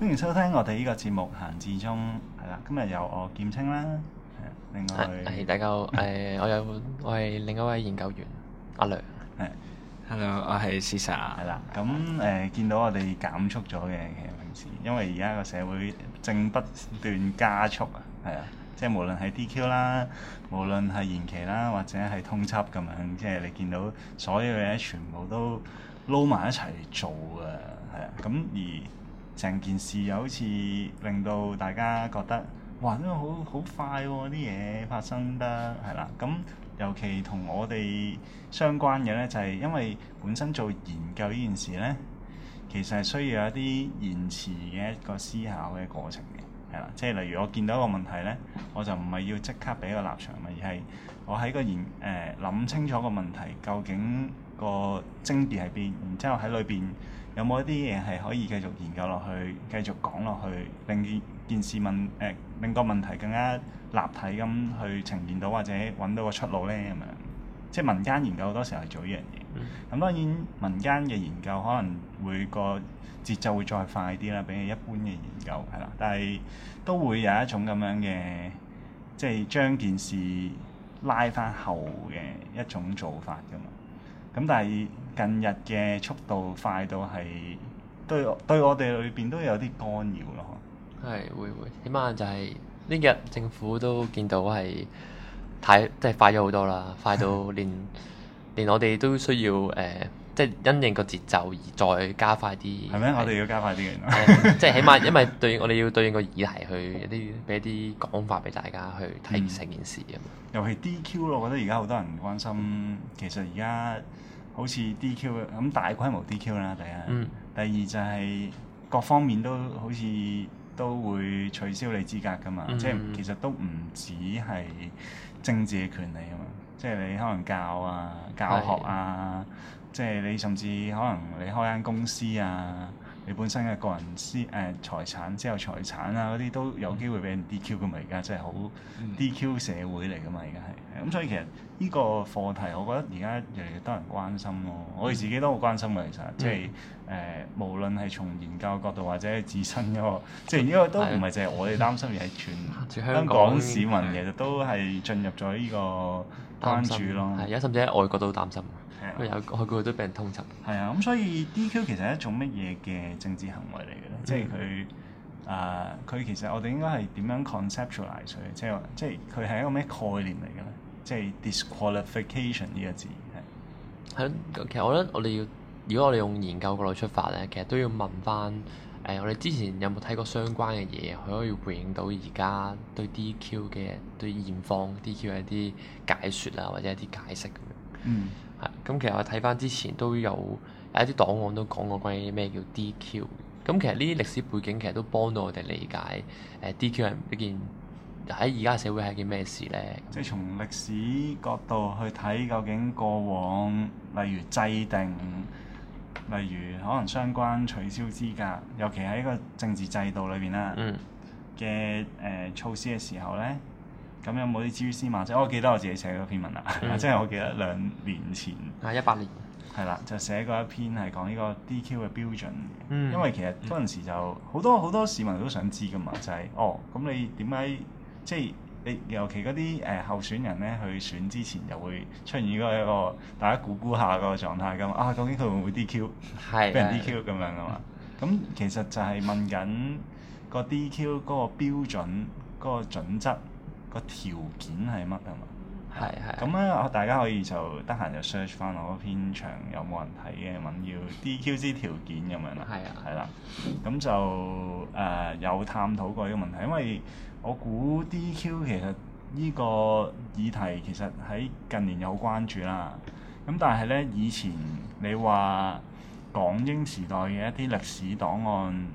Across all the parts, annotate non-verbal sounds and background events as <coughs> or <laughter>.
歡迎收聽我哋呢個節目行至中係啦。今日由我劍青啦，係另外係、啊、大家好。誒、 <laughs> 啊，我有我係另一位研究員阿涼係。啊、的 Hello，我係 Caesar 係啦。咁誒、呃，見到我哋減速咗嘅，其實平時因為而家個社會正不斷加速啊，係啊，即係無論係 DQ 啦，無論係延期啦，或者係通緝咁樣，即、就、係、是、你見到所有嘢全部都撈埋一齊做嘅，係啊。咁而成件事又好似令到大家覺得，哇！真係好好快喎、啊，啲嘢發生得係啦。咁尤其同我哋相關嘅咧，就係、是、因為本身做研究呢件事咧，其實係需要一啲延遲嘅一個思考嘅過程嘅，係啦。即係例如我見到一個問題咧，我就唔係要即刻俾個立場，而係我喺個研誒諗、呃、清楚個問題究竟個爭點係邊，然之後喺裏邊。有冇一啲嘢係可以繼續研究落去，繼續講落去，令件事問誒、呃，令個問題更加立體咁去呈現到，或者揾到個出路呢？咁樣。即係民間研究好多時候係做呢樣嘢。咁、嗯、當然民間嘅研究可能會個節奏會再快啲啦，比起一般嘅研究係啦。但係都會有一種咁樣嘅，即係將件事拉翻後嘅一種做法㗎嘛。咁但係近日嘅速度快到係對對我哋裏面都有啲干擾咯，係會會，起碼就係、是、呢日政府都見到係太即係快咗好多啦，快到連連我哋都需要誒、呃，即係因應個節奏而再加快啲。係咩嗎？是我哋要加快啲嘅，嗯、 <laughs> 即係起碼因為對我哋要對應個議題去一啲俾一啲講法俾大家去睇成件事咁、嗯。尤其 DQ 咯，我覺得而家好多人關心，嗯、其實而家好似 DQ 咁大規模 DQ 啦，第一，嗯、第二就係各方面都好似都會取消你資格噶嘛，嗯、嘛，即係其實都唔止係政治嘅權利啊嘛，即係你可能教啊教學啊，是即係你甚至可能你開間公司啊，你本身嘅個人資誒、啊、財產、之後財產啊嗰啲都有機會俾人 DQ 噶嘛，而家即係好 DQ 社會嚟噶嘛，而家係。咁、嗯、所以其實呢個課題，我覺得而家越嚟越多人關心咯。我哋自己都好關心嘅，其實、嗯、即係誒、呃，無論係從研究角度或者係自身嗰個，即係因為都唔係淨係我哋擔心而，而係全香港，香港市民其實、嗯、都係進入咗呢個關注咯。係啊，甚至喺外國都好擔心，嗯、因為外國都俾人通緝。係啊，咁所以 DQ 其實係一種乜嘢嘅政治行為嚟嘅咧？嗯、即係佢誒，佢、呃、其實我哋應該係點樣 conceptualize 佢？即係話，即係佢係一個咩概念嚟嘅咧？即係 disqualification 呢個字係、嗯，其實我覺得我哋要，如果我哋用研究角度出發咧，其實都要問翻誒、呃，我哋之前有冇睇過相關嘅嘢，佢可以回應到而家對 DQ 嘅對現況 DQ 嘅一啲解説啊，或者一啲解釋咁樣、嗯。嗯。係，咁其實我睇翻之前都有有一啲檔案都講過關於咩叫 DQ，咁、嗯嗯嗯、其實呢啲歷史背景其實都幫到我哋理解誒、呃、DQ 係一件喺而家社會係件咩事咧？即係從歷史角度去睇，究竟過往，例如制定，嗯、例如可能相關取消資格，尤其喺呢個政治制度裏邊啦嘅誒措施嘅時候咧，咁有冇啲蛛絲馬跡？我記得我自己寫嗰篇文啦，嗯、 <laughs> 即係我記得兩年前，係一八年，係啦，就寫過一篇係講呢個 DQ 嘅標準，嗯、因為其實嗰陣時就好、嗯、多好多市民都想知噶嘛，就係、是、哦，咁你點解？即係你尤其嗰啲誒候選人咧，去選之前又會出現嗰一個大家估估下個狀態咁啊，究竟佢會唔會 DQ，係俾人 DQ 咁樣啊嘛？咁 <laughs> 其實就係問緊個 DQ 嗰個標準、嗰、個準則、個條件係乜啊嘛？係係，咁咧、嗯，嗯、大家可以就得閒、嗯、就 search 翻我嗰篇長有冇人睇嘅，文要 DQ 之條件咁樣啦，係啦，咁就誒、呃、有探討過呢個問題，因為我估 DQ 其實呢個議題其實喺近年有關注啦，咁但係咧以前你話港英時代嘅一啲歷史檔案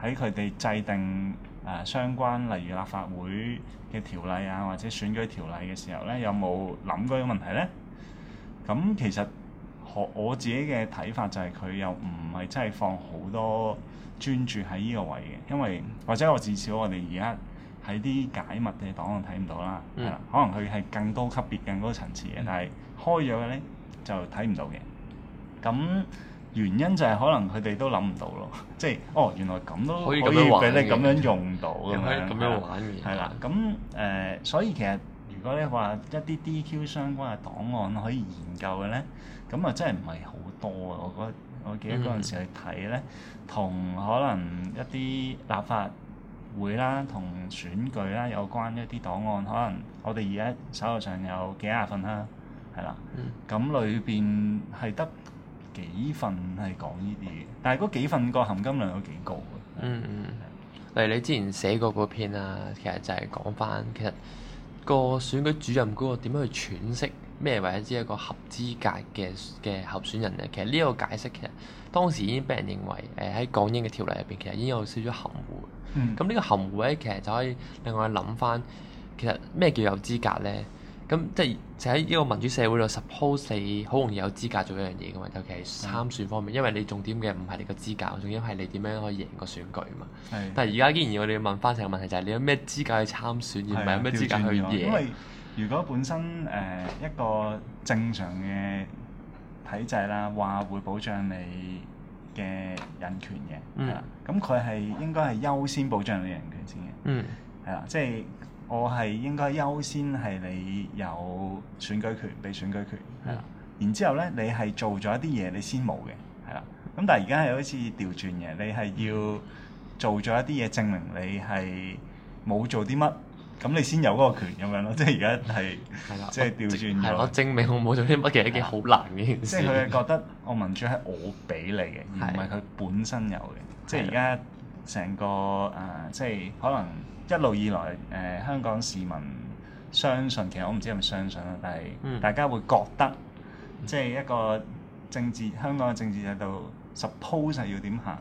喺佢哋制定。誒、啊、相關，例如立法會嘅條例啊，或者選舉條例嘅時候咧，有冇諗過呢個問題咧？咁其實我我自己嘅睇法就係佢又唔係真係放好多專注喺呢個位嘅，因為或者我至少我哋而家喺啲解密嘅檔案睇唔到啦，係啦，可能佢係更高級別、更高層次嘅，嗯、但係開咗嘅咧就睇唔到嘅，咁。原因就係可能佢哋都諗唔到咯，即係哦，原來咁都可以俾你咁樣用到，咁樣玩嘅嘢係啦。咁誒、呃，所以其實如果你話一啲 DQ 相關嘅檔案可以研究嘅咧，咁啊真係唔係好多啊！我覺得我記得嗰陣時去睇咧，同、mm hmm. 可能一啲立法會啦、同選舉啦有關一啲檔案，可能我哋而家手頭上有幾廿份啦，係啦，咁裏邊係得。Hmm. 幾份係講呢啲嘢，但係嗰幾份個含金量有幾高㗎、嗯？嗯嗯，是例如你之前寫過嗰篇啦，其實就係講翻其實個選舉主任嗰個點樣去詮釋咩為之一個合資格嘅嘅候選人嘅，其實呢個解釋其實當時已經畀人認為誒喺、呃、港英嘅條例入邊其實已經有少少含糊。嗯，咁呢個含糊咧，其實就可以令我諗翻其實咩叫有資格咧？咁即係就喺呢個民主社會度，suppose 你好容易有資格做一樣嘢㗎嘛，尤其係參選方面，因為你重點嘅唔係你個資格，重點係你點樣可以贏個選舉嘛。是的 但係而家既然要我哋問翻成個問題，就係你有咩資格去參選，的而唔係有咩資格去贏。因為如果本身誒、呃、一個正常嘅體制啦，話會保障你嘅人權嘅。咁佢係應該係優先保障你人權先嘅。嗯。係啦，即係。我係應該優先係你有選舉權、被選舉權，係啦的。然之後咧，你係做咗一啲嘢，你先冇嘅，係啦。咁但係而家係好似調轉嘅，你係要做咗一啲嘢，證明你係冇做啲乜，咁你先有嗰個權咁樣咯。即係而家係，即係調轉咗。係咯的，證明我冇做啲乜嘢，一件好難嘅。即係佢係覺得我民主係我俾你嘅，而唔係佢本身有嘅的、呃。即係而家成個誒，即係可能。一路以來，誒、呃、香港市民相信，其實我唔知係咪相信啦，但係大家會覺得，嗯、即係一個政治香港嘅政治制度，suppose 係要點行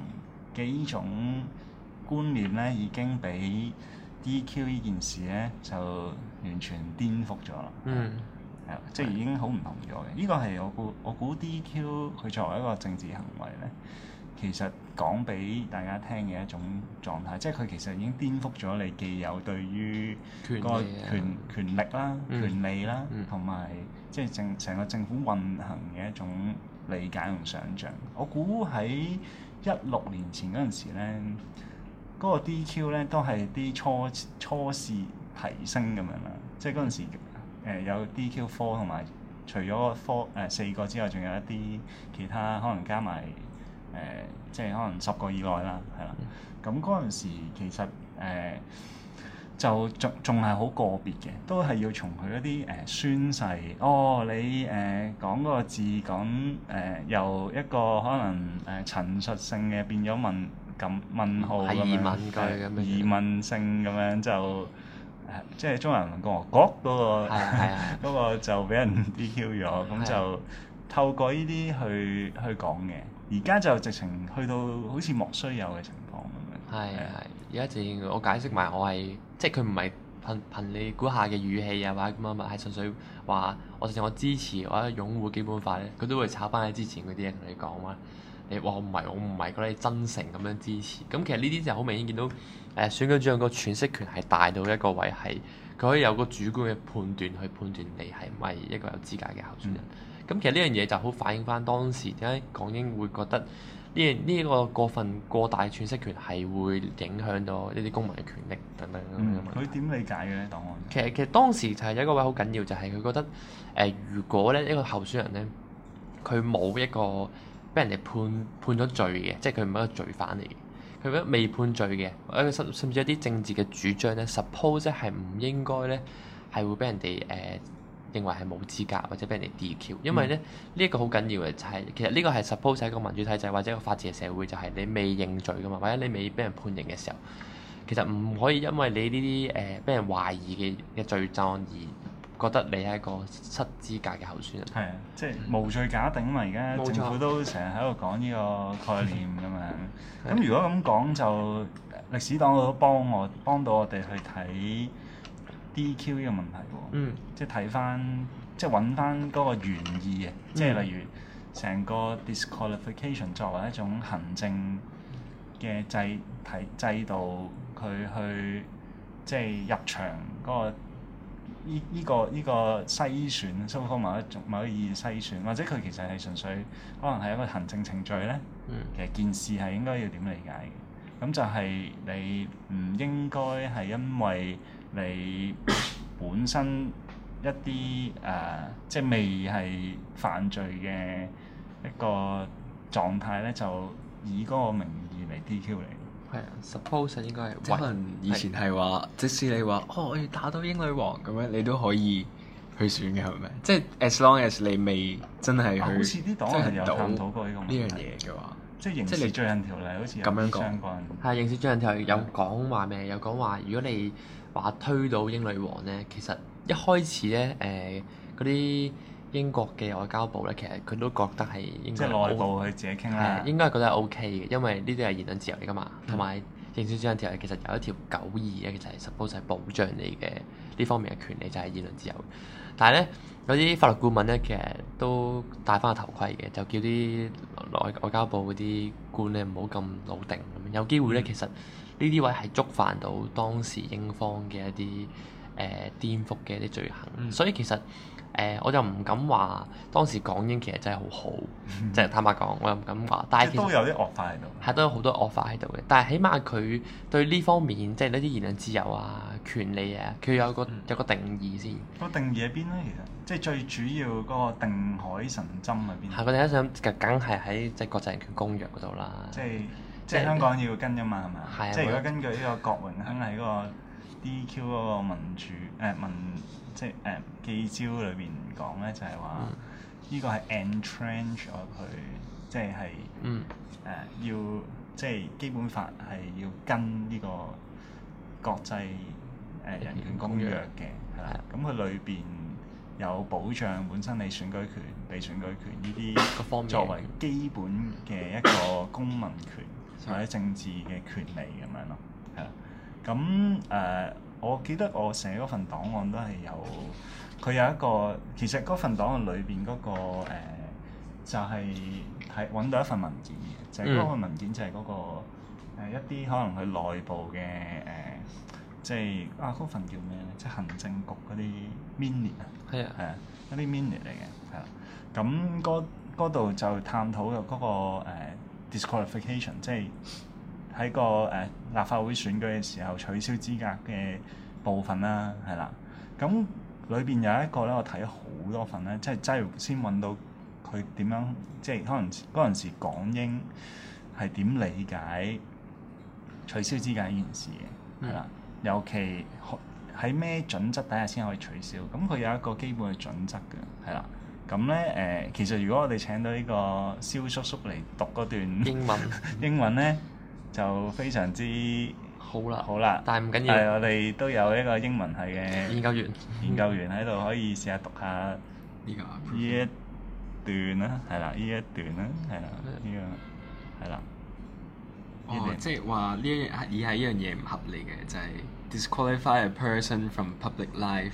嘅呢種觀念咧，已經俾 DQ 呢件事咧就完全顛覆咗啦。嗯，係即係已經好唔同咗嘅。呢、這個係我估，我估 DQ 佢作為一個政治行為咧，其實。講俾大家聽嘅一種狀態，即係佢其實已經顛覆咗你既有對於個權權力啦、啊、權利啦、啊，同埋即係政成個政府運行嘅一種理解同想像。我估喺一六年前嗰陣時咧，嗰、嗰個 DQ 咧都係啲初初試提升咁樣啦，即係嗰陣時、呃、有 DQ four 同埋除咗個 four 四個之外，仲有一啲其他可能加埋。誒、呃，即係可能十個以內啦，係啦。咁嗰陣時其實誒、呃，就仲仲係好個別嘅，都係要從佢嗰啲誒宣誓。哦，你誒、呃、講嗰個字講誒、呃，由一個可能誒陳述性嘅變咗問感問號咁樣，係疑、呃、問句樣，疑問性咁樣就即係中華人民共和國嗰個，係係係嗰個就俾人 DQ 咗，咁就透過呢啲去去講嘅。而家就直情去到好似莫須有嘅情況咁樣。係係的，而家直情我解釋埋，我係即係佢唔係憑憑你估下嘅語氣啊，或者咁樣物，係純粹話我直情我支持或者擁護基本法咧，佢都會炒翻喺之前嗰啲嘢同你講話。你話我唔係，我唔係覺得你真誠咁樣支持。咁其實呢啲就好明顯見到，誒、呃、選舉主任個詮釋權係大到一個位係，佢可以有個主觀嘅判斷去判斷你係唔係一個有資格嘅候選人。嗯咁其實呢樣嘢就好反映翻當時點解港英會覺得呢嘢呢個過分過大嘅詮釋權係會影響到呢啲公民嘅權力等等咁樣。佢點理解嘅咧檔案？其實其實當時就係有一個位好緊要，就係佢覺得誒，如果咧一個候選人咧，佢冇一個俾人哋判判咗罪嘅，即係佢唔係一個罪犯嚟嘅，佢覺得未判罪嘅，甚至一啲政治嘅主張咧，suppose 係唔應該咧係會俾人哋誒。認為係冇資格或者俾人哋 DQ，因為咧呢一、嗯、個好緊要嘅就係、是、其實呢個係 suppose 喺個民主體制或者個法治嘅社會，就係你未認罪噶嘛，或者你未俾人判刑嘅時候，其實唔可以因為你呢啲誒俾人懷疑嘅嘅罪狀而覺得你係一個失資格嘅候選人。係啊，即、就、係、是、無罪假定啊嘛，而家政府都成日喺度講呢個概念噶嘛。咁如果咁講就歷史黨都幫我幫到我哋去睇。DQ 呢個問題喎、嗯，即係睇翻，即係揾翻嗰個原意嘅，嗯、即係例如成個 disqualification 作為一種行政嘅制體制度，佢去即係入場嗰、嗰個呢呢個呢個,個篩選，收訪某一種某一種篩選，或者佢其實係純粹可能係一個行政程序咧。嗯、其實件事係應該要點理解嘅，咁就係你唔應該係因為。你本身一啲誒、呃，即係未係犯罪嘅一個狀態咧，就以嗰個名義嚟 DQ 你。係啊，yeah，Suppose 應該係，可能以前係話，是即使你話哦，我要打到英女王咁樣，你都可以去選嘅，係咪？ <laughs> 即係 as long as 你未真係去真係探討過呢個呢樣嘢嘅話，即係刑事罪行條例好似有啲相關，係刑事罪行條有講話咩？有講話如果你。話推到英女王咧，其實一開始咧，誒嗰啲英國嘅外交部咧，其實佢都覺得係即係內部，去自己傾下、啊呃，應該係覺得 O K 嘅，因為呢啲係言論自由嚟噶嘛。同埋政事自由條例其實有一條九二咧，其實係 suppose 係保障你嘅呢方面嘅權利，就係言論自由。但係咧，有啲法律顧問咧，其實都戴翻個頭盔嘅，就叫啲外外交部嗰啲官咧唔好咁老定咁樣。有機會咧，其實、嗯、～呢啲位係觸犯到當時英方嘅一啲誒顛覆嘅一啲罪行，嗯、所以其實誒、呃、我就唔敢話當時港英其實真係好好，即係、嗯、坦白講，我又唔敢話。但係都有啲惡法喺度，係都有好多惡法喺度嘅。但係起碼佢對呢方面，即係呢啲言論自由啊、權利啊，佢有個有個定義先。個、嗯、定義喺邊咧？其實即係最主要嗰個定海神針係邊？係，我第一想梗係喺即係國際人權公約嗰度啦。即係、就是。即係香港要跟㗎嘛，係咪？啊、即係如果根據呢個郭榮鏗喺嗰個 DQ 嗰個民主誒、呃、民，即係誒、呃、記招裏邊講咧，就係話呢個係 entrench 咗佢，即係係誒要即係、就是、基本法係要跟呢個國際誒、呃、人權公約嘅係啦。咁佢裏邊有保障本身你選舉權、被選舉權呢啲 <coughs> 作為基本嘅一個公民權。 <coughs> 或者政治嘅權力咁樣咯，係啊的，咁誒、呃，我記得我寫嗰份檔案都係有，佢有一個，其實嗰份檔案裏邊嗰個、呃、就係喺揾到一份文件嘅，就係嗰份文件就係嗰、那個、嗯呃、一啲可能佢內部嘅誒，即、呃、係、就是、啊嗰份叫咩咧？即、就、係、是、行政局嗰啲 minion 啊，係啊，係啊，嗰啲 minion 嚟嘅，係啦，咁嗰度就探討嘅嗰、那個、呃 Disqualification 即係喺個誒、呃、立法會選舉嘅時候取消資格嘅部分啦，係啦。咁裏邊有一個咧，我睇咗好多份咧，即係擠先揾到佢點樣，即係可能嗰陣時港英係點理解取消資格呢件事嘅，係啦的。尤其喺咩準則底下先可以取消？咁佢有一個基本嘅準則嘅，係啦。咁咧，誒，其實如果我哋請到呢個蕭叔叔嚟讀嗰段英文， <laughs> 英文咧就非常之好啦，好啦，但係唔緊要，係、嗯、我哋都有一個英文系嘅研究員， <laughs> 研究員喺度可以試下讀下呢個呢 <laughs> 一段啦，係啦，呢一段啦，係啦、哦，呢個係啦。即係話呢，而係一樣嘢唔合理嘅，就係、是、disqualify a person from public life。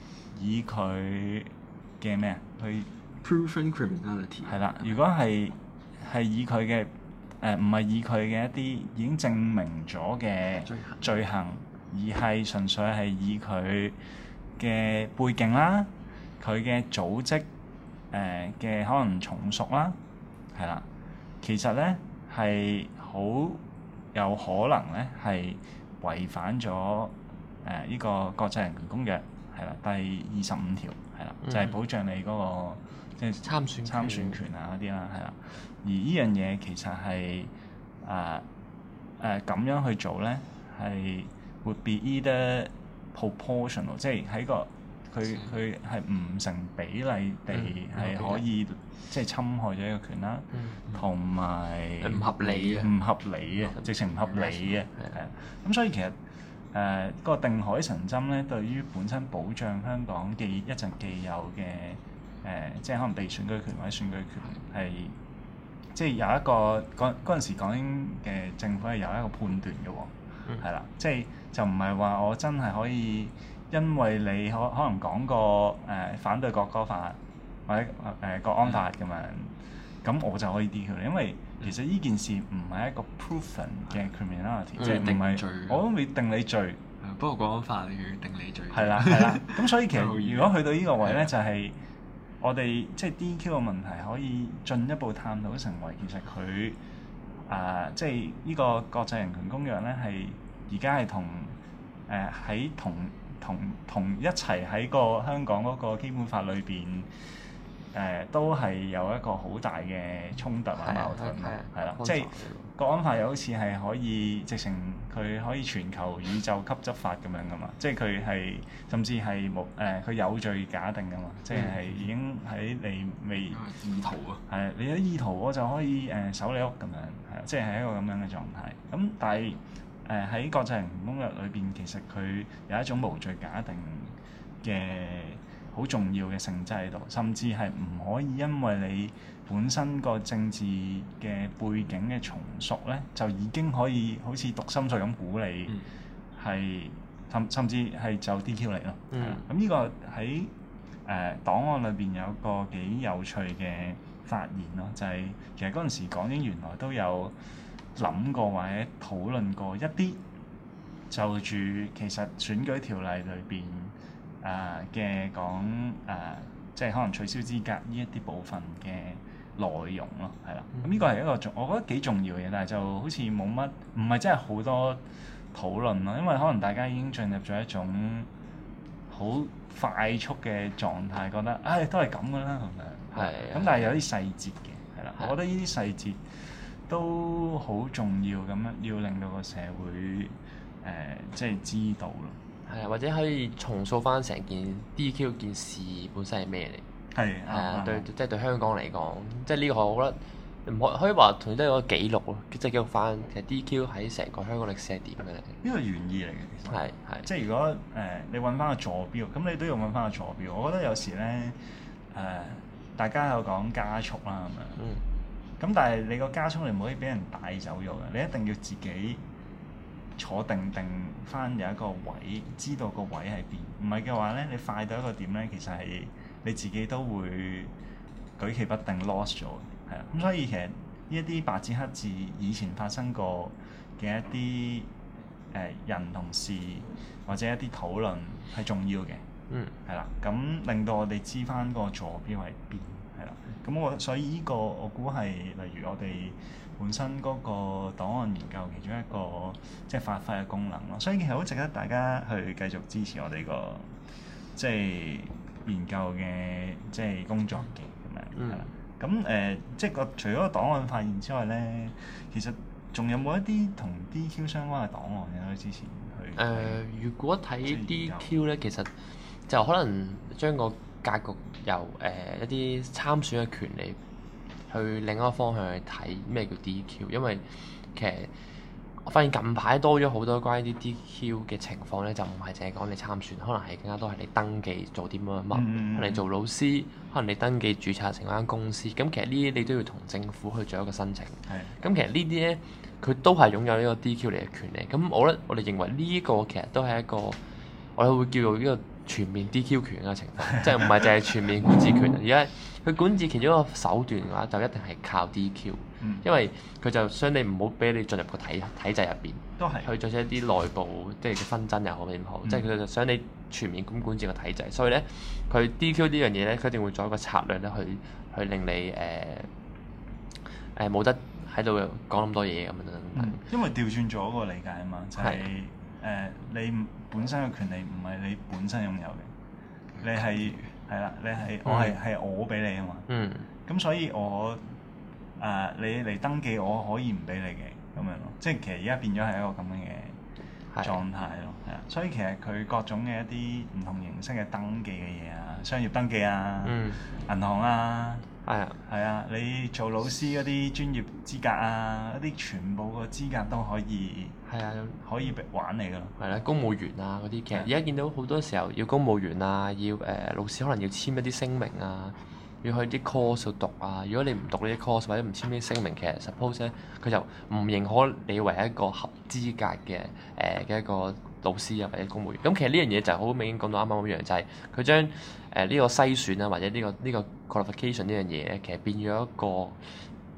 以佢嘅咩啊？去係啦。如果係，係以佢嘅誒，唔、呃、係以佢嘅一啲已經證明咗嘅罪行，而係純粹係以佢嘅背景啦，佢嘅組織誒嘅、呃、可能從屬啦，係啦。其實咧係好有可能咧係違反咗誒呢個國際人權公約。係啦，第二十五條，係啦，就係、係、保障你嗰、嗰個即係參選參選權啊嗰啲啦，係啦。而呢樣嘢其實係啊誒咁樣去做咧，係會 be either proportional，即係喺個佢佢係唔成比例地係可以即係侵害咗一個權啦，同埋唔合理嘅，唔合理嘅，直情唔合理嘅係。咁所以其實。誒，嗰、呃那個定海神針咧，對於本身保障香港嘅一陣既有嘅誒、呃，即係可能被選舉權或者選舉權係，即係有一個嗰嗰陣時港英嘅政府係有一個判斷嘅喎、哦，係啦、嗯，即係就唔係話我真係可以因為你可可能講過誒反對國歌法或者誒、呃、國安法咁樣，咁、嗯、我就可以 DQ 佢，因為。其實呢件事唔係一個 proven 嘅 criminality，即係定罪，我都未定你罪，定罪、嗯。不過講法定你罪。係啦係啦。咁所以其實如果去到呢個位咧 <laughs> 的，就係、是、我哋即係 DQ 嘅問題，可以進一步探討成為其實佢啊，即係呢個國際人權公約咧，係而家係同誒喺、呃、同同同一齊喺個香港嗰個基本法裏邊。誒、呃、都係有一個好大嘅衝突或矛盾咯，係啦，了即係國安法又好似係可以直成佢可以全球宇宙級執法咁樣噶嘛， <laughs> 即係佢係甚至係無誒佢、呃、有罪假定噶嘛，嗯、即係已經喺你未、嗯、意圖啊，係、呃、你有意圖我就可以誒、呃、搜你屋咁樣，係即係係一個咁樣嘅狀態。咁但係誒喺國際人權公約裏邊，其實佢有一種無罪假定嘅。好重要嘅性質喺度，甚至係唔可以因為你本身個政治嘅背景嘅重塑咧，就已經可以好似讀心術咁估你，係、嗯、甚甚至係就 DQ 你咯。咁呢、嗯嗯、個喺誒檔案裏邊有個幾有趣嘅發言咯，就係、是、其實嗰陣時港英原來都有諗過或者討論過一啲就住其實選舉條例裏邊。誒嘅講誒，即係可能取消資格呢一啲部分嘅內容咯，係啦。咁呢個係一個重，我覺得幾重要嘅嘢，但係就好似冇乜，唔係真係好多討論咯。因為可能大家已經進入咗一種好快速嘅狀態，的覺得唉、哎，都係咁㗎啦，係咪？係。咁但係有啲細節嘅，係啦。的我覺得呢啲細節都好重要，咁要令到個社會誒、呃、即係知道咯。係或者可以重塑翻成件 DQ 件事本身係咩嚟？係，係啊，呃、對，即係對香港嚟講，嗯、即係呢個我覺得唔可、嗯、可以話，同都有個記錄咯，即係記錄翻其實 DQ 喺成個香港歷史係點嘅咧。呢個原意嚟嘅其實係即係是的如果誒、呃、你揾翻個坐標，咁你都要揾翻個坐標。我覺得有時咧誒、呃，大家喺度講加速啦咁樣，咁、嗯、但係你個加速你唔可以俾人帶走咗嘅，你一定要自己，坐定定翻有一個位，知道個位喺邊。唔係嘅話咧，你快到一個點咧，其實係你自己都會舉棋不定，lost 咗。係啊，咁所以其實呢一啲白紙黑字以前發生過嘅一啲誒、呃、人同事或者一啲討論係重要嘅。嗯。係啦，咁令到我哋知翻個坐標係邊，係啦。咁我所以呢個我估係例如我哋。本身嗰個檔案研究其中一個即係、就是、發揮嘅功能咯，所以其實好值得大家去繼續支持我哋、這個即係、就是、研究嘅即係工作嘅咁樣。嗯。咁、呃、誒，即係個除咗檔案發現之外咧，其實仲有冇一啲同 DQ 相關嘅檔案可以支持佢？誒、呃，如果睇 DQ 咧，其實就可能將個格局由誒、呃、一啲參選嘅權利去另一個方向去睇咩叫 DQ，因為其實我發現近排多咗好多關於啲 DQ 嘅情況咧，就唔係凈係講你參選，可能係更加多係你登記做啲乜乜，乜、嗯，你做老師，可能你登記註冊成間公司，咁其實呢啲你都要同政府去做一個申請。係的。咁其實呢啲咧，佢都係擁有呢個 DQ 嚟嘅權利。咁我覺得我哋認為呢個其實都係一個我哋會叫做呢個全面 DQ 權嘅情況，即係唔係凈係全面管治權而家。佢管治其中一個手段嘅話，就一定係靠 DQ、嗯、因為佢就想你唔好俾你進入個體體制入邊，去做出一啲內部、嗯、即係紛爭又好點好，即係佢就想你全面咁管治個體制，所以咧佢 DQ 呢樣嘢咧，佢一定會做一個策略咧去去令你誒誒冇得喺度講咁多嘢咁、嗯、樣，因為調轉咗個理解啊嘛，就係、是、誒是的、呃、你本身嘅權利唔係你本身擁有嘅，你係。係啦，你係、嗯、我係係我俾你啊嘛，咁、嗯、所以我誒、呃、你嚟登記我可以唔俾你嘅咁樣咯，即係其實而家變咗係一個咁樣嘅狀態咯，係啊的，的所以其實佢各種嘅一啲唔同形式嘅登記嘅嘢啊，商業登記啊，嗯、銀行啊。係啊，係啊，你做老師嗰啲專業資格啊，一啲全部嘅資格都可以。係啊，可以玩你㗎。係啦、啊，公務員啊嗰啲，其實而家見到好多時候要公務員啊，要誒、呃、老師可能要簽一啲聲明啊，要去啲 course 讀啊。如果你唔讀呢啲 course 或者唔簽呢啲聲明，其實 suppose 咧佢就唔認可你為一個合資格嘅誒嘅一個。老師啊，或者公務員，咁其實呢樣嘢就係好明顯講到啱啱嗰樣，就係佢將誒呢個篩選啊，或者呢個呢個 qualification 呢樣嘢，其實變咗一個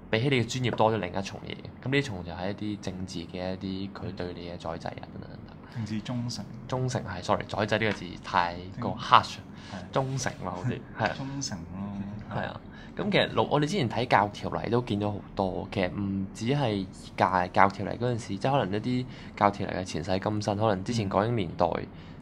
比起你嘅專業多咗另一重嘢。咁呢重就係一啲政治嘅一啲佢對你嘅宰制啊，等等。政治忠誠。忠誠係，sorry，宰制呢個字太過 harsh，對忠, <laughs> 忠誠咯，好似係。忠誠咯。係啊。咁其實我哋之前睇教條例都見到好多，其實唔止係而家教條例嗰陣時，即係可能一啲教條例嘅前世今生，可能之前港英年代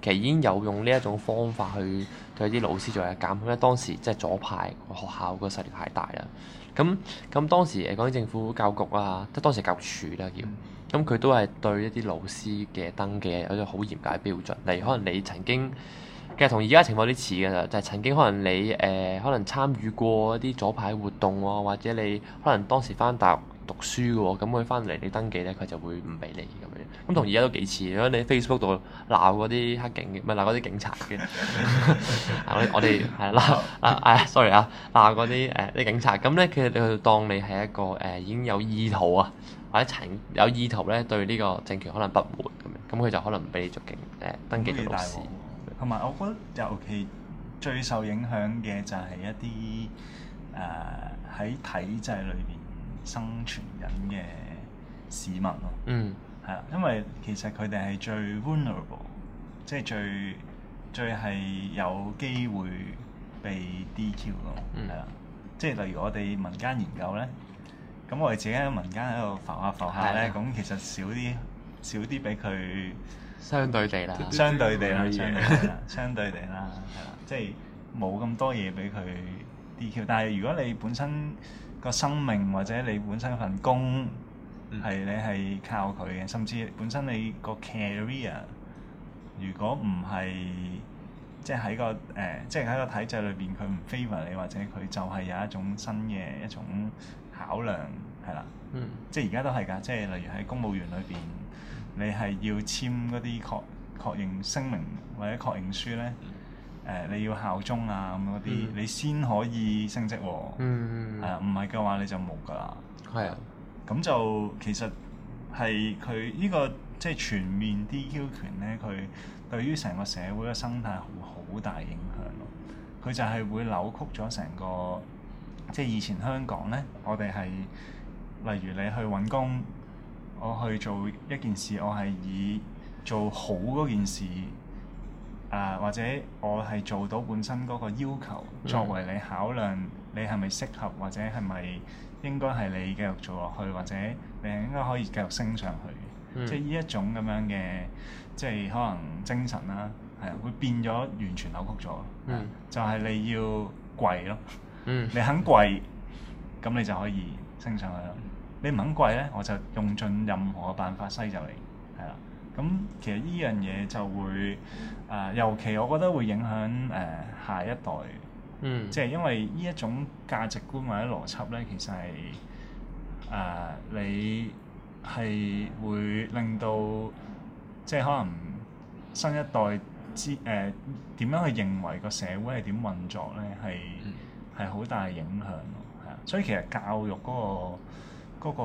其實已經有用呢一種方法去對啲老師做嘅監控，因為當時即係左派學校個勢力太大啦。咁咁當時誒港英政府教局啊，即係當時教育處啦叫，咁佢都係對一啲老師嘅登記有一個好嚴格嘅標準，例如可能你曾經。其實同而家情況有啲似㗎啦，就係、是、曾經可能你誒、呃、可能參與過一啲左派活動喎，或者你可能當時翻大學讀書嘅喎，咁佢翻嚟你登記咧，佢就會唔俾你咁樣。咁同而家都幾似，如果你 Facebook 度鬧嗰啲黑警，唔係鬧嗰啲警察嘅，我哋係鬧啊誒，sorry 啊，鬧嗰啲誒啲警察。咁咧其實你去當你係一個誒、啊、已經有意圖啊，或者曾有意圖咧對呢個政權可能不滿咁樣，咁佢就可能唔俾你續警誒登記做老師。同埋我覺得尤其最受影響嘅就係一啲誒喺體制裏邊生存緊嘅市民咯。嗯，係啊，因為其實佢哋係最 vulnerable，、嗯、即係最最係有機會被 DQ 咯。係啊、嗯，即係例如我哋民間研究咧，咁我哋自己喺民間喺度浮下浮下咧，咁的其實少啲少啲俾佢。相對地啦， <laughs> 相對地啦，相對地啦，係啦，即係冇咁多嘢俾佢 DQ。但係如果你本身個生命或者你本身份工係、嗯、你係靠佢嘅，甚至本身你個 career 如果唔係即係喺個誒，即係喺個、呃、個體制裏邊佢唔 favor 你，或者佢就係有一種新嘅一種考量係啦。嗯，即係而家都係㗎，即係例如喺公務員裏邊。你係要簽嗰啲確確認聲明或者確認書咧，誒、嗯呃，你要效忠啊咁嗰啲，嗯、你先可以升職喎。嗯，係啊，唔係嘅話你就冇㗎啦。係啊、嗯嗯，咁就其實係佢呢個即係、就是、全面 DQ 權咧，佢對於成個社會嘅生態會好大影響咯。佢就係會扭曲咗成個，即、就、係、是、以前香港咧，我哋係例如你去揾工。我去做一件事，我係以做好嗰件事，誒、呃、或者我係做到本身嗰個要求、mm. 作為你考量你是是，你係咪適合或者係咪應該係你繼續做落去，或者你係應該可以繼續升上去、mm. 即係依呢一種咁樣嘅，即係可能精神啦、啊，係啊，會變咗完全扭曲咗，mm. 就係你要跪咯，mm. 你肯跪，咁你就可以升上去啦。你唔肯跪咧，我就用盡任何嘅辦法塞入嚟，係啦。咁、嗯嗯、其實呢樣嘢就會誒、呃，尤其我覺得會影響誒、呃、下一代，嗯，即係因為呢一種價值觀或者邏輯咧，其實係誒、呃、你係會令到即係、就是、可能新一代之誒點樣去認為個社會係點運作咧，係係好大影響咯，係啊。所以其實教育嗰、那個。嗰個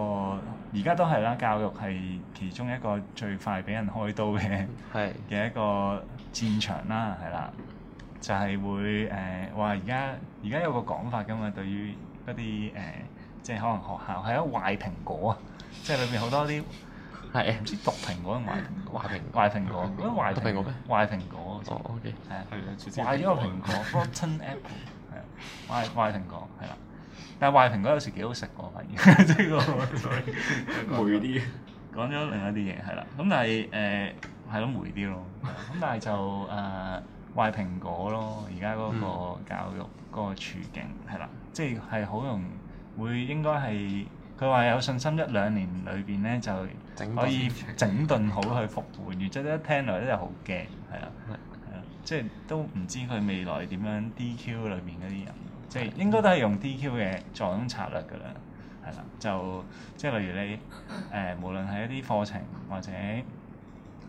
而家都係啦，教育係其中一個最快俾人開刀嘅嘅一個戰場啦，係啦是，就係、是、會誒話而家而家有個講法㗎嘛，對於一啲誒、呃、即係可能學校係一壞蘋果啊，即係裏面好多啲係唔知毒蘋果定壞壞蘋壞蘋果，咁、就是、的壞蘋果咩？壞蘋果。O K 係啊，係壞咗個蘋果 broken apple。係啊，壞壞蘋果，係啦。 <laughs> 但係壞蘋果有時幾好食嘅，我發現，即係個霉啲。講咗另外啲嘢係啦，咁但係誒係咁霉啲咯，咁但係就誒、呃、壞蘋果咯，而家嗰個教育嗰、嗯、個處境係啦，即係係好容易會應該係佢話有信心一兩年裏邊咧就可以整頓好去復活，而即係一聽落咧就好驚係啊，係啊，即係都唔知佢未來點樣 DQ 裏面嗰啲人。即係應該都係用 DQ 嘅作用策略㗎啦，係啦，就即係例如你誒、呃，無論係一啲課程或者誒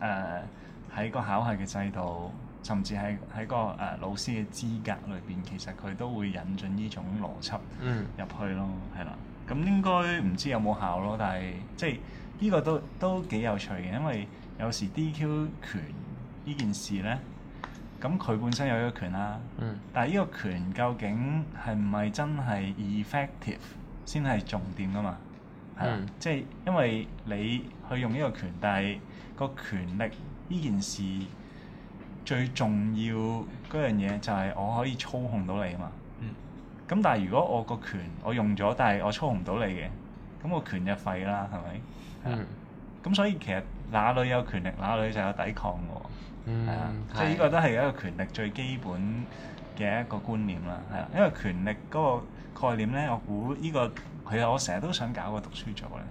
喺、呃、個考核嘅制度，甚至係喺個誒、呃、老師嘅資格裏邊，其實佢都會引進呢種邏輯入去咯，係啦、嗯。咁、嗯、應該唔知有冇考咯，但係即係呢、這個都都幾有趣嘅，因為有時 DQ 權呢件事咧。咁佢本身有呢個權啦，嗯、但係呢個權究竟係唔係真係 effective 先係重點噶嘛？係、嗯啊、即係因為你去用呢個權，但係個權力呢件事最重要嗰樣嘢就係我可以操控到你啊嘛。咁、嗯、但係如果我個權我用咗，但係我操控唔到你嘅，咁個權就廢啦，係咪？咁、嗯啊、所以其實哪裏有權力，哪裏就有抵抗喎、哦。嗯，啊， <noise> 即係呢個都係一個權力最基本嘅一個觀念啦，係啊，因為權力嗰個概念咧，我估依、呢個其實我成日都想搞個讀書組咧，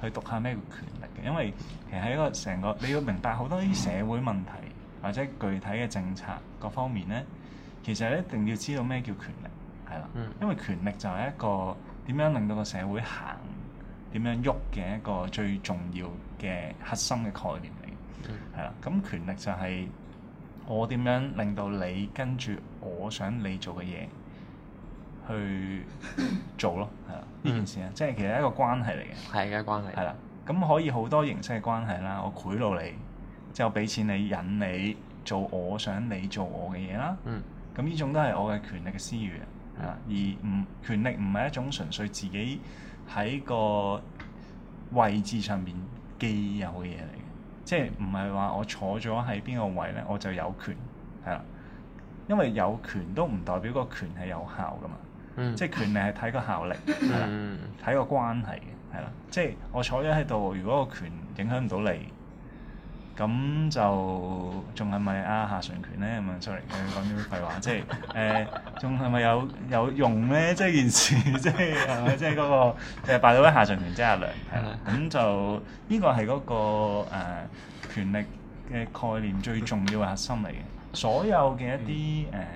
去讀下咩叫權力嘅，因為其實喺一個成個你要明白好多啲社會問題或者具體嘅政策各方面咧，其實一定要知道咩叫權力，係啦，嗯、因為權力就係一個點樣令到個社會行點樣喐嘅一個最重要嘅核心嘅概念。係啦，咁、嗯、權力就係我點樣令到你跟住我想你做嘅嘢去做咯，係啦，呢、嗯、件事啊，即係其實一個關係嚟嘅，係嘅關係，係啦，咁可以好多形式嘅關係啦，我賄賂你，即係我俾錢你引你做我想你做我嘅嘢啦，嗯，咁呢種都係我嘅權力嘅私慾，係啦，而唔權力唔係一種純粹自己喺個位置上邊既有嘅嘢嚟。即係唔係話我坐咗喺邊個位咧，我就有權係啦。因為有權都唔代表個權係有效㗎嘛。嗯、即係權力係睇個效力，係啦，睇、嗯、個關係嘅，係啦。即係我坐咗喺度，如果個權影響唔到你。咁就仲係咪啊夏順權咧？Sorry 講呢啲廢話。 <laughs> 即係誒仲係咪有有用咧？即係件事，即係係咪即係、那、嗰個誒、呃？拜倒位夏順權即係阿梁，係啦、 <laughs> 嗯。咁就呢、那個係嗰個誒權力嘅概念最重要嘅核心嚟嘅。所有嘅一啲誒、呃，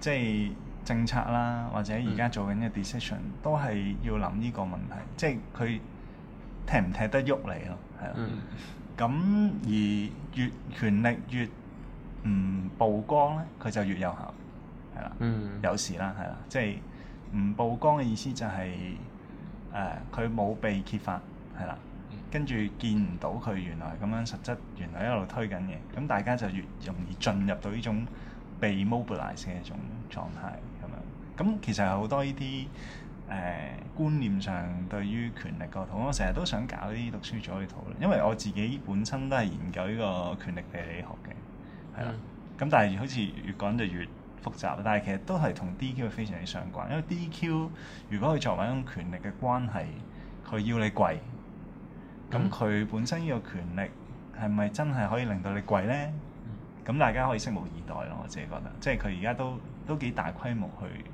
即係政策啦，或者而家做緊嘅 decision 都係要諗呢個問題，即係佢踢唔踢得喐你咯？係啦。 <laughs> 咁而越權力越唔曝光咧，佢就越有效，係啦，嗯、有時啦，係啦，即係唔曝光嘅意思就係誒佢冇被揭發，係啦，跟住見唔到佢原來咁樣實質原來一路推緊嘅，咁大家就越容易進入到呢種被 mobilise 嘅一種狀態咁樣，咁其實有好多呢啲。誒、呃、觀念上對於權力圖譜，我成日都想搞啲讀書組去討論，因為我自己本身都係研究呢個權力地理學嘅，係啦。咁、嗯、但係好似越講就越，越複雜，但係其實都係同 DQ 非常之相關，因為 DQ 如果佢作為一種權力嘅關係，佢要你跪，咁佢、嗯、本身呢個權力係咪真係可以令到你跪咧？咁、嗯、大家可以拭目以待咯。我自己覺得，即係佢而家都都幾大規模去。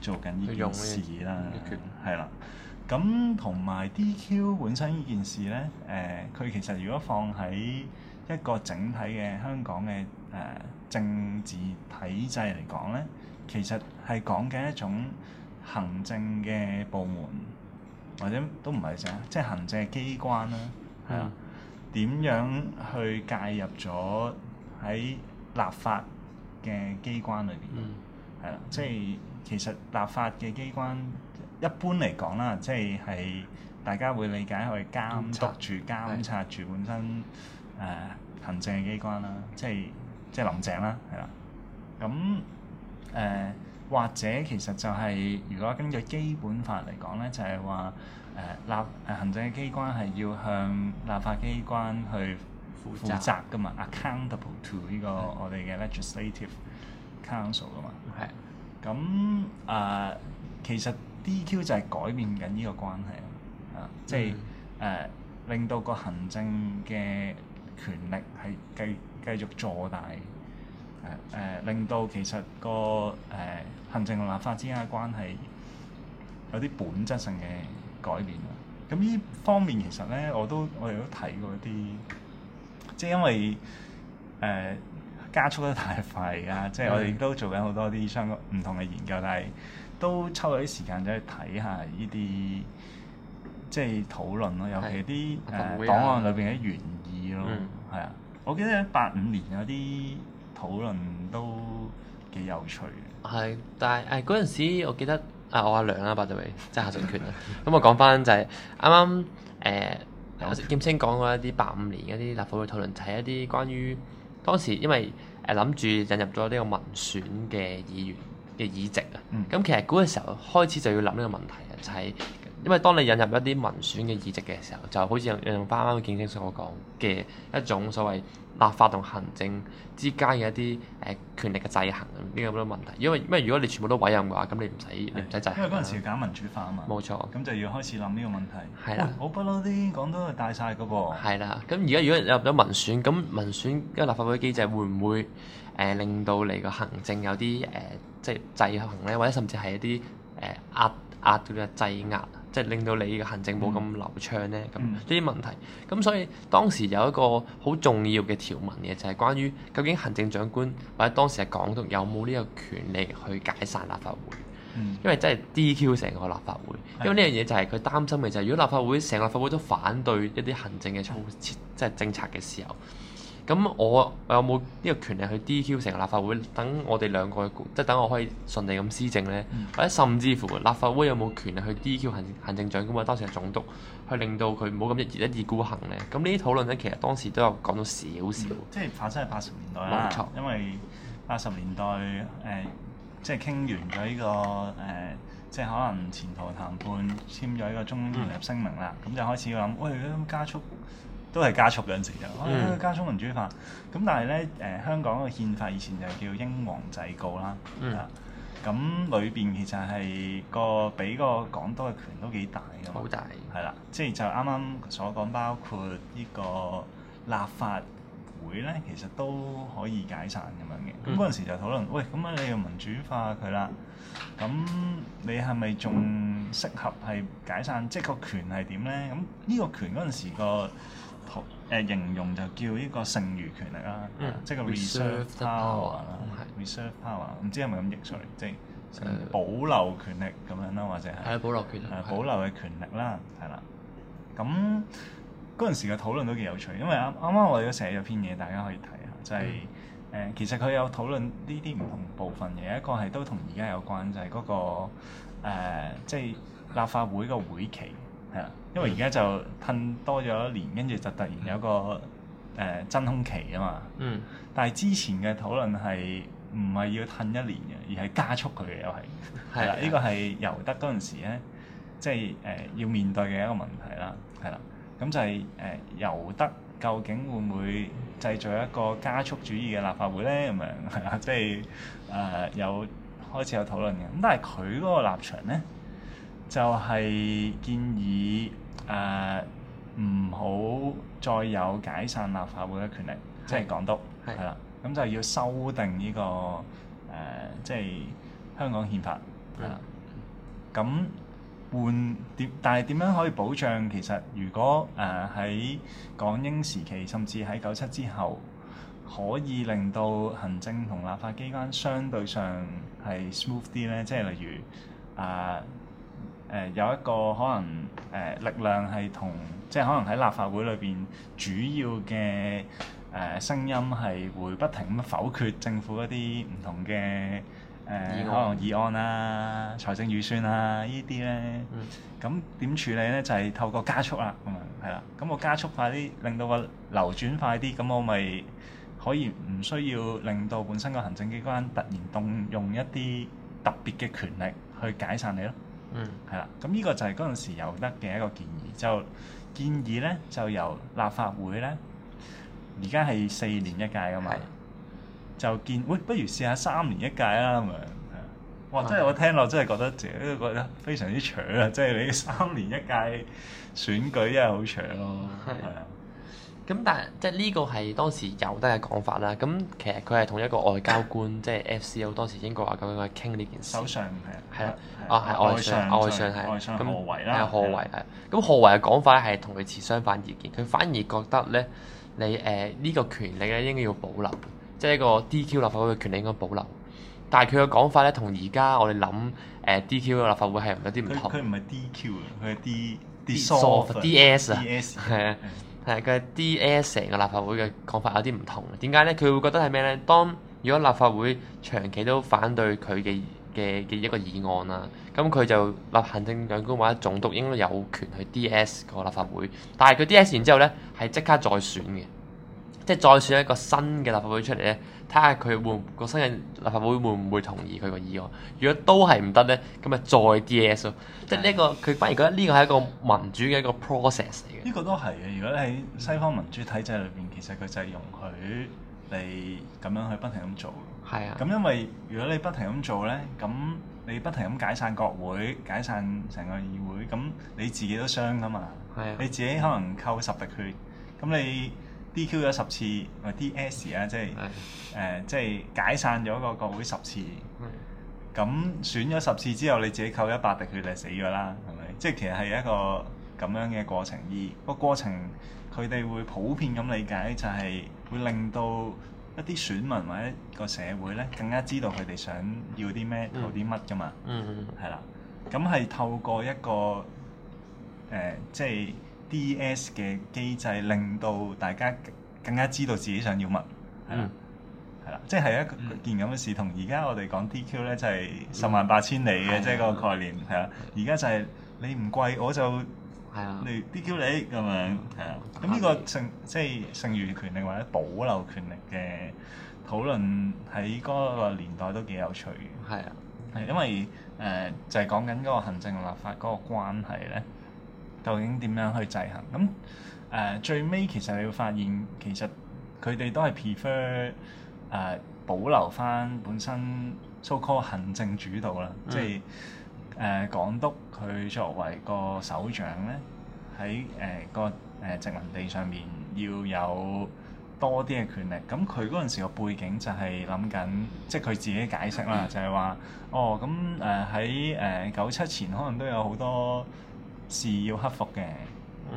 做緊呢件事啦，係啦，咁同埋 DQ 本身呢件事咧，誒、呃，佢其實如果放喺一個整體嘅香港嘅誒、呃、政治體制嚟講咧，其實係講緊一種行政嘅部門或者都唔係啫，即係行政機關啦，係啊、嗯，點、嗯、樣去介入咗喺立法嘅機關裏邊，係啦、嗯，即係。其實立法嘅機關一般嚟講啦，即係大家會理解去監督住、監察住本身誒行政嘅機關啦，即係即係林鄭啦，係啦。咁、嗯、誒或者其實就係如果根據基本法嚟講咧，就係話誒立行政嘅機關係要向立法機關去負責噶嘛的，accountable to 呢個我哋嘅 legislative council 噶嘛，係。咁誒、呃，其實 DQ 就係改變緊呢個關係啊、呃，即係誒、呃、令到個行政嘅權力係繼繼續坐大，誒、呃、令到其實個誒、呃、行政立法之間嘅關係有啲本質性嘅改變。咁呢、呃、方面其實咧，我都我哋都睇過啲，即係因為誒。呃加速得太快啊，即係我哋都做緊好多啲相關唔同嘅研究，但係都抽咗啲時間就去睇下呢啲即係討論咯、啊，尤其啲誒檔案裏邊嘅原意咯，係、嗯、啊，我記得八五年有啲討論都幾有趣嘅。係，但係誒嗰陣時，我記得啊，我阿梁啦，白九尾即係夏俊權啊。咁、就係啊 <laughs> 嗯、我講翻就係啱啱誒劍青講過一啲八五年嗰啲立法會討論，係一啲關於。當時因為誒諗住引入咗呢個民選嘅議員嘅議席啊，咁、嗯、其實嗰個時候開始就要諗呢個問題啊，就係、是。因為當你引入一啲民選嘅議席嘅時候，就好似用用啱啱嘅見證所講嘅一種所謂立法同行政之間嘅一啲誒、呃、權力嘅制衡呢個好多問題。因為因為如果你全部都委任嘅話，咁你唔使唔使制，因為嗰陣要搞民主化啊嘛。冇錯、嗯，咁就要開始諗呢個問題。係啦的。我不嬲啲港督係大晒嘅噃。係啦。咁而家如果引入咗民選，咁民選嘅立法會機制會唔會誒、呃、令到你個行政有啲誒即係制衡咧？或者甚至係一啲誒、呃、壓壓叫做制壓？即係令到你嘅行政冇咁流暢咧，咁呢啲問題，咁所以當時有一個好重要嘅條文嘅，就係關於究竟行政長官或者當時嘅港督有冇呢個權利去解散立法會，嗯、因為真係 DQ 成個立法會，因為呢樣嘢就係佢擔心嘅就係如果立法會成個立法會都反對一啲行政嘅措施即係、就是、政策嘅時候。咁我，我有冇呢個權力去 DQ 成個立法會？等我哋兩個，即係等我可以順利咁施政呢？嗯、或者甚至乎立法會有冇權力去 DQ 行政，行政長官？當時係總督，去令到佢唔好咁一意孤行呢。咁呢啲討論呢，其實當時都有講到少少，嗯。即係發生係八十年代啦，嗯、因為八十年代誒、呃，即係傾完咗呢、呢個誒、呃，即係可能前途談判簽咗呢個中英聯合聲明啦，咁、嗯、就開始要諗，喂，咁加速。都係加速嗰陣時，加、哎、加速民主化。咁但係咧，誒、呃、香港嘅憲法以前就係叫英皇制誥啦，嗯、啊，咁裏邊其實係個俾個港督嘅權都幾大嘅，好大，係啦，即係就啱啱所講，包括呢個立法會咧，其實都可以解散咁樣嘅。咁嗰陣時就討論，喂，咁啊你用民主化佢啦，咁你係咪仲適合係解散？即係個權係點咧？咁呢個權嗰陣時個。誒形容就叫呢個剩餘權力啦，嗯、即係個 reserve power 啦 reserve power，唔知係咪咁譯出嚟，即係的保留權力咁樣啦，的或者係保留權係的保留嘅權力啦，係啦。咁嗰陣時嘅討論都幾有趣，因為啱啱啱我有寫咗篇嘢，大家可以睇下，就係、是、誒、嗯呃、其實佢有討論呢啲唔同部分嘅一個係都同而家有關，就係、是、嗰、那個、呃、即係立法會個會期係啦。因為而家就褪多咗一年，跟住就突然有個誒、呃、真空期啊嘛。嗯。但係之前嘅討論係唔係要褪一年嘅，而係加速佢嘅又係。係啦。 <laughs> 的的個尤呢個係尤德嗰陣時咧，即係誒、呃、要面對嘅一個問題啦。係啦。咁就係誒尤德究竟會唔會製造一個加速主義嘅立法會咧？咁樣即係誒、呃、有開始有討論嘅。咁但係佢嗰個立場咧，就係、是、建議。誒唔好再有解散立法會嘅權力，即係是的 港督係啦，咁就要修訂呢、這個誒，即、uh, 係香港憲法係啦。咁換點，但係點樣可以保障其實，如果誒喺、uh, 港英時期，甚至喺九七之後，可以令到行政同立法機關相對上係 smooth 啲咧，即、就、係、是、例如啊。Uh, 誒、呃、有一個可能誒、呃、力量係同，即係可能喺立法會裏邊主要嘅誒聲音係會不停咁否決政府一啲唔同嘅誒、呃、議案可能議案啊、財政預算啊呢啲咧。咁點、嗯、處理咧？就係、是、透過加速啦、啊，咁啊係啦。咁我加速快啲，令到我流轉快啲，咁我咪可以唔需要令到本身個行政機關突然動用一啲特別嘅權力去解散你咯。嗯，係啦、嗯，咁呢個就係嗰陣時有得嘅一個建議，就建議咧就由立法會咧，而家係四年一屆噶嘛，的就建，喂，不如試下三年一屆啦咁樣，哇！真係的我聽落真係覺得自己覺得非常之長啊，即係你三年一屆選舉真係好長咯，係啊的。咁但係即係呢個係當時有得嘅講法啦。咁其實佢係同一個外交官，即係 F.C.O 當時英國啊咁樣去傾呢件事。首相係啊。係啊。哦，係外相，外相係。咁何為啦？係何為係。咁何為嘅講法係同佢持相反意見。佢反而覺得咧，你誒呢個權力咧應該要保留，即係一個 D.Q. 立法會嘅權力應該保留。但係佢嘅講法咧，同而家我哋諗誒 D.Q. 立法會係有啲唔同。佢佢唔係 D.Q. 佢係 D. dissolve。D.S. 啊。D.S. 係啊。係佢 D.S. 成個立法會嘅講法有啲唔同，點解咧？佢會覺得係咩咧？當如果立法會長期都反對佢嘅嘅嘅一個議案啦，咁佢就立行政長官或者總督應該有權去 D.S. 個立法會，但係佢 D.S. 完之後咧，係即刻再選嘅。即係再選一個新嘅立法會出嚟咧，睇下佢會個新嘅立法會會唔會，會同意佢個議案？如果都係唔得咧，咁咪再嘅嘢。即係、這、呢個佢反而覺得呢個係一個民主嘅一個 process 嚟嘅。呢個都係嘅。如果你喺西方民主體制裏邊，其實佢就係容許你咁樣去不停咁做咯。係是啊。咁因為如果你不停咁做咧，咁你不停咁解散國會、解散成個議會，咁你自己都傷噶嘛。係是啊。你自己可能扣十滴血，咁你。DQ 咗十次，或 DS 啊，即係誒，即係解散咗個個國會十次，咁選咗十次之後，你自己扣一百滴血就死咗啦，係咪？即係其實係一個咁樣嘅過程。而個過程，佢哋會普遍咁理解，就係會令到一啲選民或者個社會咧，更加知道佢哋想要啲咩，做啲乜噶嘛。嗯嗯嗯、係啦，咁係透過一個誒、呃，即係。D.S 嘅機制令到大家更加知道自己想要乜，係啦、嗯，係啦，即、就、係、是、一件咁嘅事。同而家我哋講 D.Q 咧就係十萬八千里嘅，即係、嗯、個概念係啦。而家、嗯、就係你唔貴我就係啦，D.Q 你咁樣係啊。咁呢個剩即係剩餘權力或者保留權力嘅討論喺嗰個年代都幾有趣嘅。係啊、嗯，係因為誒、呃、就係、是、講緊嗰個行政立法嗰個關係咧。究竟點樣去制衡？咁誒、呃、最尾其實你會發現，其實佢哋都係 prefer 誒、呃、保留翻本身 so-called 行政主導啦，嗯、即係誒、呃、港督佢作為個首長咧，喺誒、呃個誒殖民地上面要有多啲嘅權力。咁佢嗰陣時個背景就係諗緊，即係佢自己解釋啦，嗯、就係話哦咁誒喺誒九七前可能都有好多。是要克服嘅，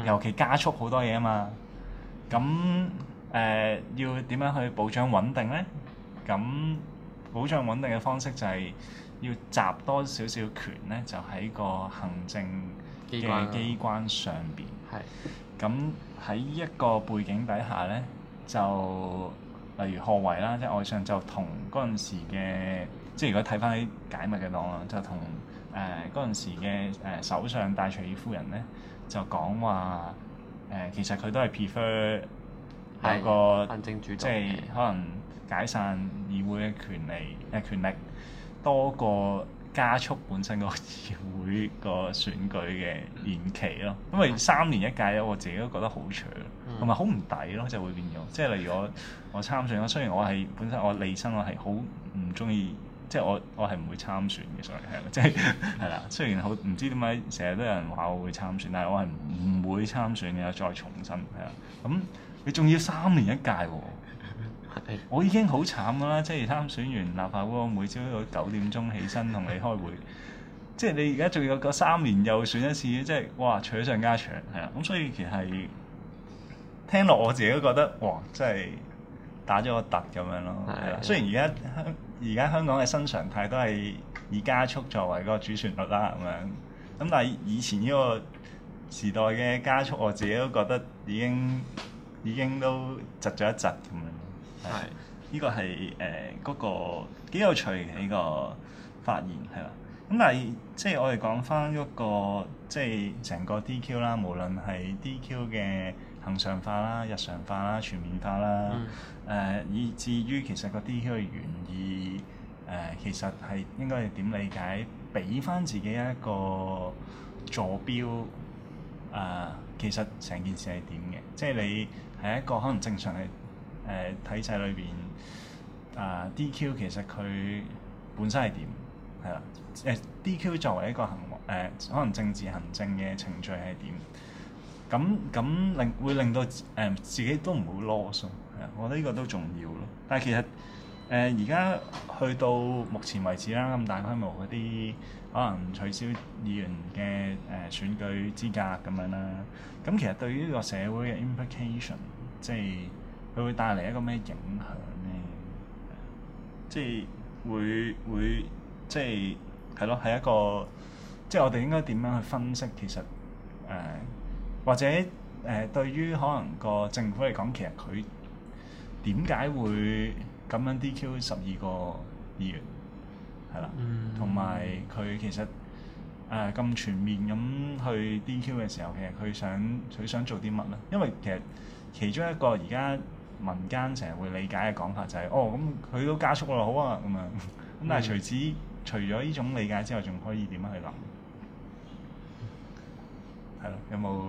尤其加速好多嘢啊嘛。咁誒、呃，要點樣去保障穩定咧？咁保障穩定嘅方式就係、是、要集多少少權咧，就喺個行政嘅機關上邊。係、啊，咁喺一個背景底下咧，就例如何為啦，即係外相就同嗰陣時嘅，即係如果睇翻啲解密嘅檔啊，就同。誒，嗰陣時嘅誒首相戴卓爾夫人咧，就講話誒，其實佢都係 prefer 嗰的個，即係可能解散議會嘅權利誒、呃、權力多過加速本身個議會個選舉嘅延期咯，因為三年一屆咧，我自己都覺得好長，同埋好唔抵咯，就會變咗，即係例如我我參選啦，雖然我係本身我理身我係好唔鍾意。即係我，我係唔會參選嘅，所以係啦，即係係啦。雖然好唔知點解成日都有人話我會參選，但係我係唔會參選嘅。再重申係啦，咁你仲要三年一屆喎，我已經好慘㗎啦。即係參選完立法會，我每朝早九點鐘起身同你開會，即係你而家仲有個三年又選一次，即係哇，長上加長係啦。咁、嗯、所以其實聽落我自己都覺得，哇，真係打咗個突咁樣咯。係啦，的雖然而家香。嗯而家香港嘅新常態都係以加速作為個主旋律啦，咁樣。咁但係以前呢個時代嘅加速，我自己都覺得已經已經都窒咗一窒咁樣。係是，呢、嗯這個係誒嗰個幾有趣嘅呢個發現係啦。咁但係即係我哋講翻嗰個即係成個 DQ 啦，無論係 DQ 嘅恒常化啦、日常化啦、全面化啦。嗯誒，以至於其實個 DQ 嘅原意，誒、呃，其實係應該係點理解？俾翻自己一個座標，誒、呃，其實成件事係點嘅？即係你喺一個可能正常嘅誒、呃、體制裏邊，誒、呃、DQ 其實佢本身係點係啦？誒、呃、DQ 作為一個行為、呃，可能政治行政嘅程序係點？咁咁令會令到誒、呃、自己都唔會囉嗦。我覺得呢個都重要咯，但係其實誒而家去到目前為止啦，咁大規模嗰啲可能取消議員嘅誒、呃、選舉資格咁樣啦。咁其實對於呢個社會嘅 implication，即係佢會帶嚟一個咩影響咧？即係會會即係係咯，係一個即係我哋應該點樣去分析？其實誒、呃、或者誒、呃、對於可能個政府嚟講，其實佢。點解會咁樣 DQ 十二個議員係啦，同埋佢其實誒咁、呃、全面咁去 DQ 嘅時候，其實佢想佢想做啲乜呢？因為其實其中一個而家民間成日會理解嘅講法就係、是、哦，咁佢都加速啦，好啊咁樣。咁但係、嗯、除此除咗呢種理解之外，仲可以點樣去諗？係咯，有冇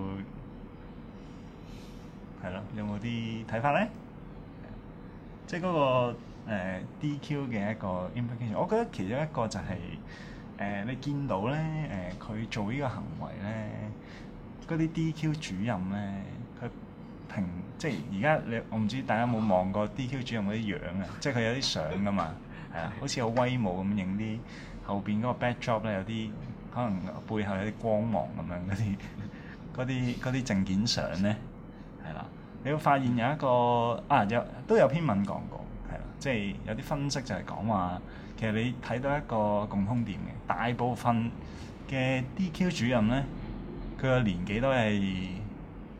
係咯？有冇啲睇法咧？即係、那、嗰個、呃、DQ 嘅一個 implication，我覺得其中一個就係、是、誒、呃、你見到咧誒佢做呢個行為咧，嗰啲 DQ 主任咧，佢平，即係而家你我唔知大家有冇望過 DQ 主任嗰啲樣啊，即係佢有啲相㗎嘛，係啊， <laughs> 好似好威武咁影啲後邊嗰個 backdrop 咧，有啲可能背後有啲光芒咁樣，嗰啲嗰啲嗰啲證件相咧。你會發現有一個啊，有都有篇文講過，係啦，即係有啲分析就係講話，其實你睇到一個共通點嘅，大部分嘅 DQ 主任咧，佢嘅年紀都係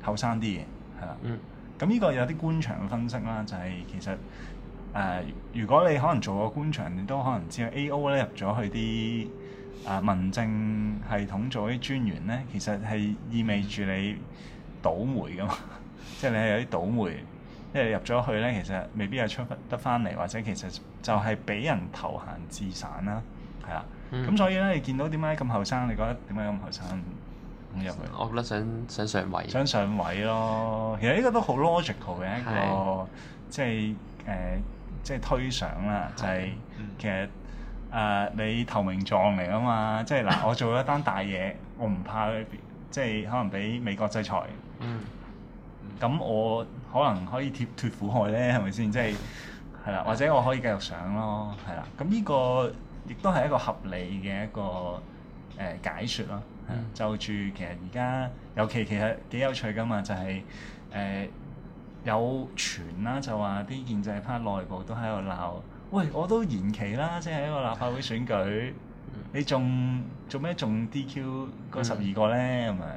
後生啲嘅，係啦。嗯。咁呢個有啲官場嘅分析啦，就係、是、其實誒、呃，如果你可能做過官場，你都可能知道。A.O. 咧入咗去啲誒民政系統做啲專員咧，其實係意味住你倒黴㗎嘛。即係你係有啲倒黴，即係入咗去咧，其實未必係出得翻嚟，或者其實就係俾人投閒自散啦，係啦。咁、嗯、所以咧，你見到點解咁後生？你覺得點解咁後生咁入去？我覺得想想上位，想上位咯。其實呢個都好 logical 嘅一個，的即係誒、呃，即係推想啦，的就係、是、其實誒、呃，你投名狀嚟啊嘛。即係嗱， <laughs> 我做咗一單大嘢，我唔怕即係可能俾美國制裁。嗯。咁我可能可以脫脫苦海咧，係咪先？即係係啦，或者我可以繼續上咯，係啦。咁呢個亦都係一個合理嘅一個誒、呃、解說咯。就住其實而家尤其其實幾有趣㗎嘛，就係、是、誒、呃、有傳啦，就話啲建制派內部都喺度鬧，喂，我都延期啦，即、就、係、是、一個立法會選舉，你仲做咩？仲 DQ 嗰十二個咧？咁啊！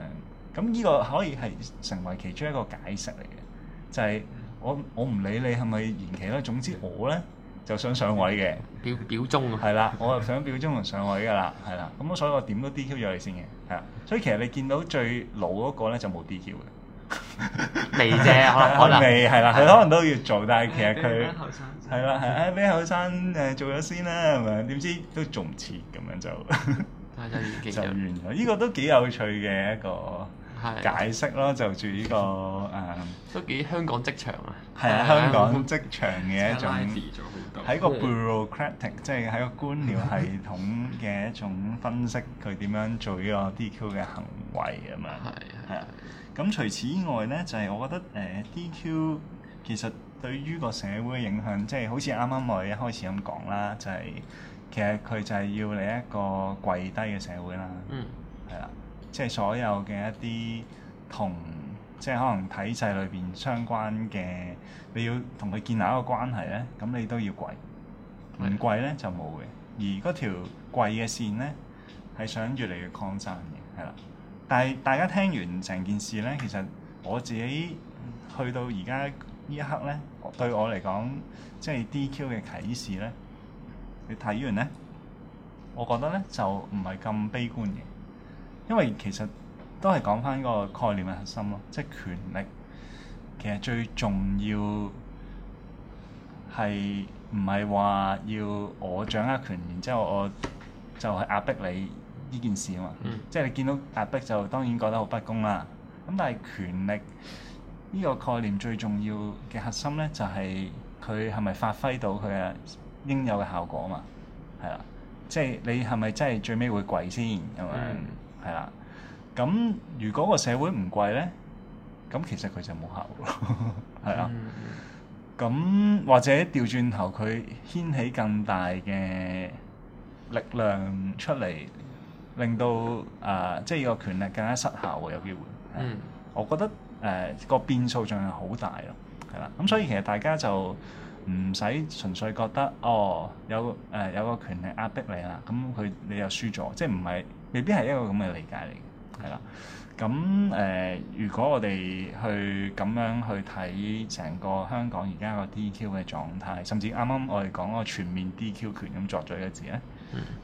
咁呢個可以係成為其中一個解釋嚟嘅，就係我我唔理你係咪延期啦，總之我咧就想上位嘅表表忠啊，係啦，我係想表忠同上位噶啦，係啦，咁所以我點都 DQ 咗你先嘅，係啊，所以其實你見到最老嗰個咧就冇 DQ 嘅，未啫，可能未係啦，佢可能都要做，但係其實佢係啦，係啊，俾後生誒做咗先啦，係咪啊？點知都做唔切咁樣就就完咗，呢個都幾有趣嘅一個解釋咯，就住呢、這個誒，嗯、都幾香港職場啊！係啊，香港職場嘅一種喺 <laughs> 個 bureaucratic，即係喺 <laughs> 個官僚系統嘅一種分析佢點樣做呢個 DQ 嘅行為啊嘛。係啊， <laughs> 咁除此之外咧，就係、是、我覺得誒、呃、DQ 其實對於個社會嘅影響，即、就、係、是、好似啱啱我哋一開始咁講啦，就係、是、其實佢就係要你一個跪低嘅社會啦。嗯，係啊。即係所有嘅一啲同即係可能體制裏邊相關嘅，你要同佢建立一個關係咧，咁你都要跪，唔跪咧就冇嘅。而嗰條跪嘅線咧係想越嚟越擴散嘅，係啦。但係大家聽完成件事咧，其實我自己去到而家呢一刻咧，對我嚟講，即係 DQ 嘅啟示咧，你睇完咧，我覺得咧就唔係咁悲觀嘅。因為其實都係講翻個概念嘅核心咯，即係權力其實最重要係唔係話要我掌握權，然之後我就係壓迫你呢件事啊嘛。嗯、即係你見到壓迫就當然覺得好不公啦。咁但係權力呢、這個概念最重要嘅核心咧，就係佢係咪發揮到佢嘅應有嘅效果啊？嘛，係啦。即係你係咪真係最尾會攰先？咁啊、嗯。係啦，咁如果個社會唔貴咧，咁其實佢就冇效咯，係啊。咁、嗯、或者調轉頭佢掀起更大嘅力量出嚟，令到啊、呃，即係個權力更加失效，有機會。嗯、我覺得誒個、呃、變數仲係好大咯，係啦。咁所以其實大家就唔使純粹覺得哦，有誒、呃、有個權力壓迫你啦，咁佢你又輸咗，即係唔係？未必係一個咁嘅理解嚟嘅，係啦。咁誒、呃，如果我哋去咁樣去睇成個香港而家個 DQ 嘅狀態，甚至啱啱我哋講個全面 DQ 權咁作咗一字咧，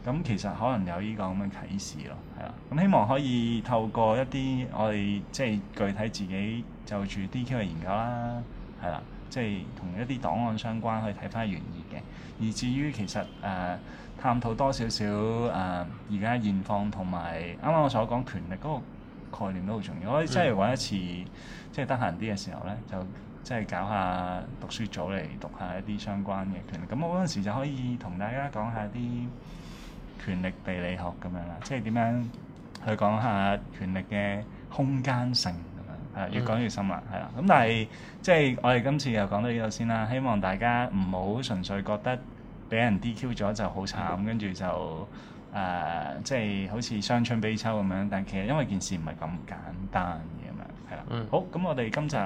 咁、嗯、其實可能有呢個咁嘅啟示咯，係啦。咁希望可以透過一啲我哋即係具體自己就住 DQ 嘅研究啦，係啦。即係同一啲檔案相關去睇翻原意嘅，而至於其實誒、呃、探討多少少誒而家現況同埋啱啱我所講權力嗰個概念都好重要。我即係揾一次，即係得閒啲嘅時候咧，就即係搞下讀書組嚟讀一下讀下一啲相關嘅權力。咁我嗰陣時就可以同大家講下啲權力地理學咁樣啦，即係點樣去講下權力嘅空間性。越講越深啦，係啊、嗯，咁但係即係我哋今次又講到呢度先啦，希望大家唔好純粹覺得俾人 DQ 咗就好慘，跟住就誒、呃、即係好似傷春悲秋咁樣，但其實因為件事唔係咁簡單嘅嘛，係啊，嗯、好，咁我哋今集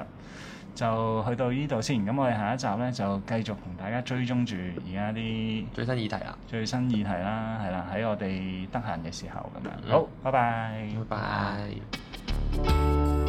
就去到呢度先，咁我哋下一集咧就繼續同大家追蹤住而家啲最新議題啦，最新議題啦，係啦，喺我哋得閒嘅時候咁樣，好，拜拜，拜拜。